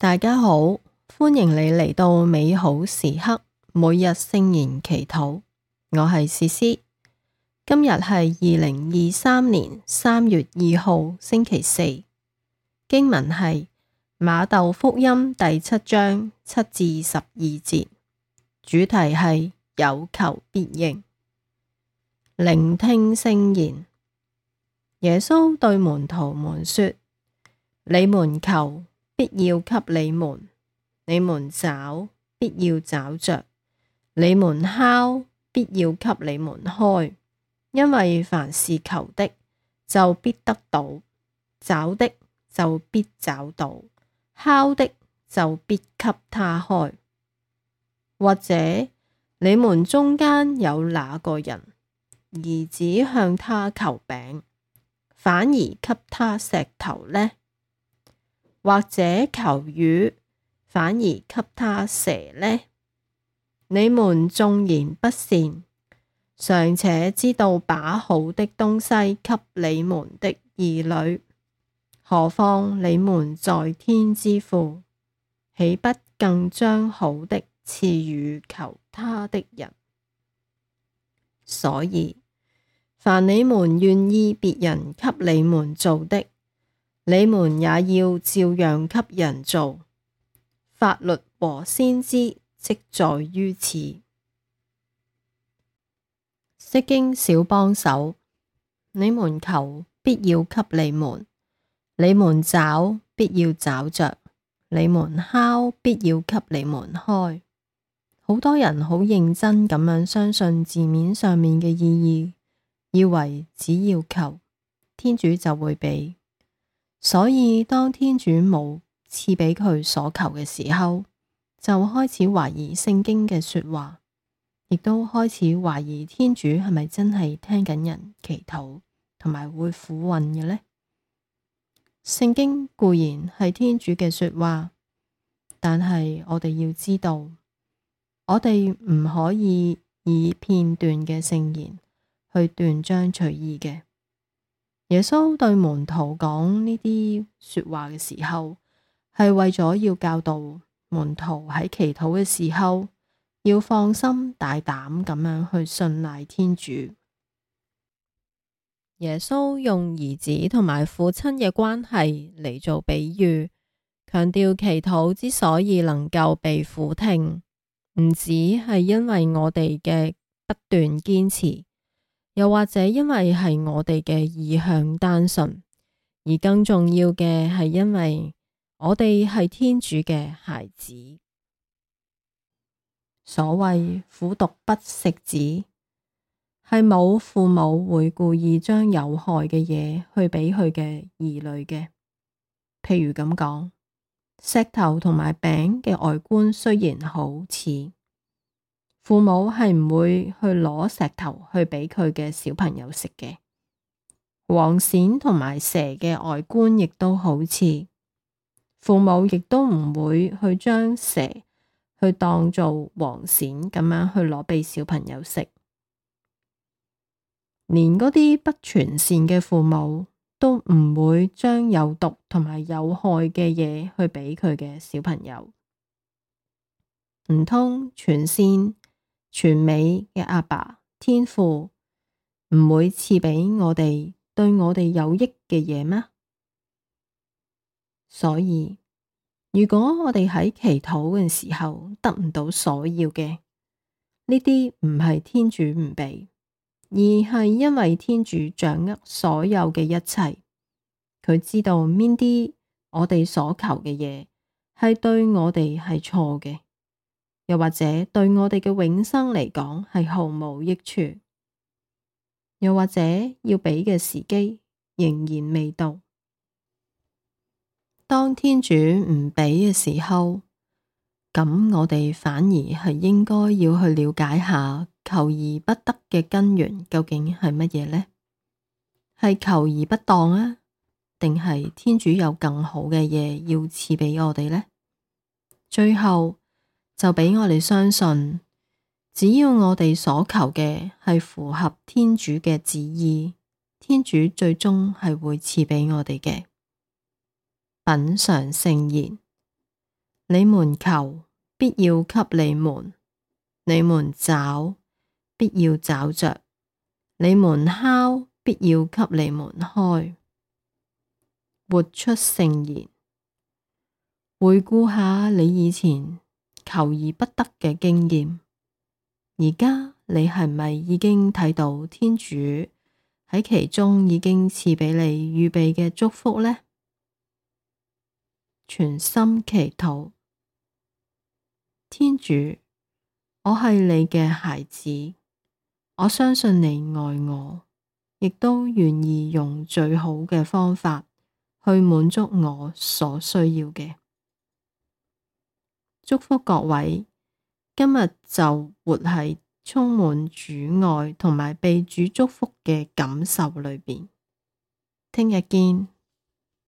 大家好，歡迎你嚟到美好時刻每日聖言祈禱。我係詩詩，今日係二零二三年三月二號星期四。經文係馬竇福音第七章七至十二節，主題係有求必應。聆聽聖言，耶穌對門徒們說：你們求。必要給你們，你們找，必要找着；你們敲，必要給你們開，因為凡是求的，就必得到，找的，就必找到，敲的，就必給他開。或者你們中間有哪個人，兒子向他求餅，反而給他石頭呢？或者求魚，反而給他蛇呢？你們縱然不善，尚且知道把好的東西給你們的兒女，何況你們在天之父，豈不更將好的賜予求他的人？所以，凡你們願意別人給你們做的，你們也要照樣給人做，法律和先知，即在於此。釋經小幫手，你們求必要給你們，你們找必要找着，你們敲必要給你們開。好多人好認真咁樣相信字面上面嘅意義，以為只要求，天主就會俾。所以，當天主冇賜俾佢所求嘅時候，就開始懷疑聖經嘅說話，亦都開始懷疑天主係咪真係聽緊人祈禱，同埋會俯允嘅呢？聖經固然係天主嘅說話，但係我哋要知道，我哋唔可以以片段嘅聖言去斷章取義嘅。耶穌對門徒講呢啲說話嘅時候，係為咗要教導門徒喺祈禱嘅時候，要放心大膽咁樣去信賴天主。耶穌用兒子同埋父親嘅關係嚟做比喻，強調祈禱之所以能夠被俯聽，唔止係因為我哋嘅不斷堅持。又或者因為係我哋嘅意向單純，而更重要嘅係因為我哋係天主嘅孩子。所謂虎毒不食子，係冇父母會故意將有害嘅嘢去畀佢嘅兒女嘅。譬如咁講，石頭同埋餅嘅外觀雖然好似。父母係唔會去攞石頭去俾佢嘅小朋友食嘅，黃鱔同埋蛇嘅外觀亦都好似，父母亦都唔會去將蛇去當做黃鱔咁樣去攞俾小朋友食，連嗰啲不全善嘅父母都唔會將有毒同埋有害嘅嘢去俾佢嘅小朋友，唔通全善。全美嘅阿爸，爸天父唔會賜畀我哋對我哋有益嘅嘢咩？所以如果我哋喺祈禱嘅時候得唔到所要嘅，呢啲唔係天主唔俾，而係因為天主掌握所有嘅一切，佢知道邊啲我哋所求嘅嘢係對我哋係錯嘅。又或者對我哋嘅永生嚟講係毫無益處，又或者要俾嘅時機仍然未到。當天主唔俾嘅時候，咁我哋反而係應該要去了解下求而不得嘅根源究竟係乜嘢呢？係求而不當啊，定係天主有更好嘅嘢要賜俾我哋呢？最後。就畀我哋相信，只要我哋所求嘅係符合天主嘅旨意，天主最終係會賜畀我哋嘅。品嘗聖言，你們求，必要給你們；你們找，必要找着；你們敲，必要給你們開。活出聖言，回顧下你以前。求而不得嘅經驗，而家你係咪已經睇到天主喺其中已經賜俾你預備嘅祝福呢？全心祈禱，天主，我係你嘅孩子，我相信你愛我，亦都願意用最好嘅方法去滿足我所需要嘅。祝福各位，今日就活喺充滿主愛同埋被主祝福嘅感受裏邊。聽日見。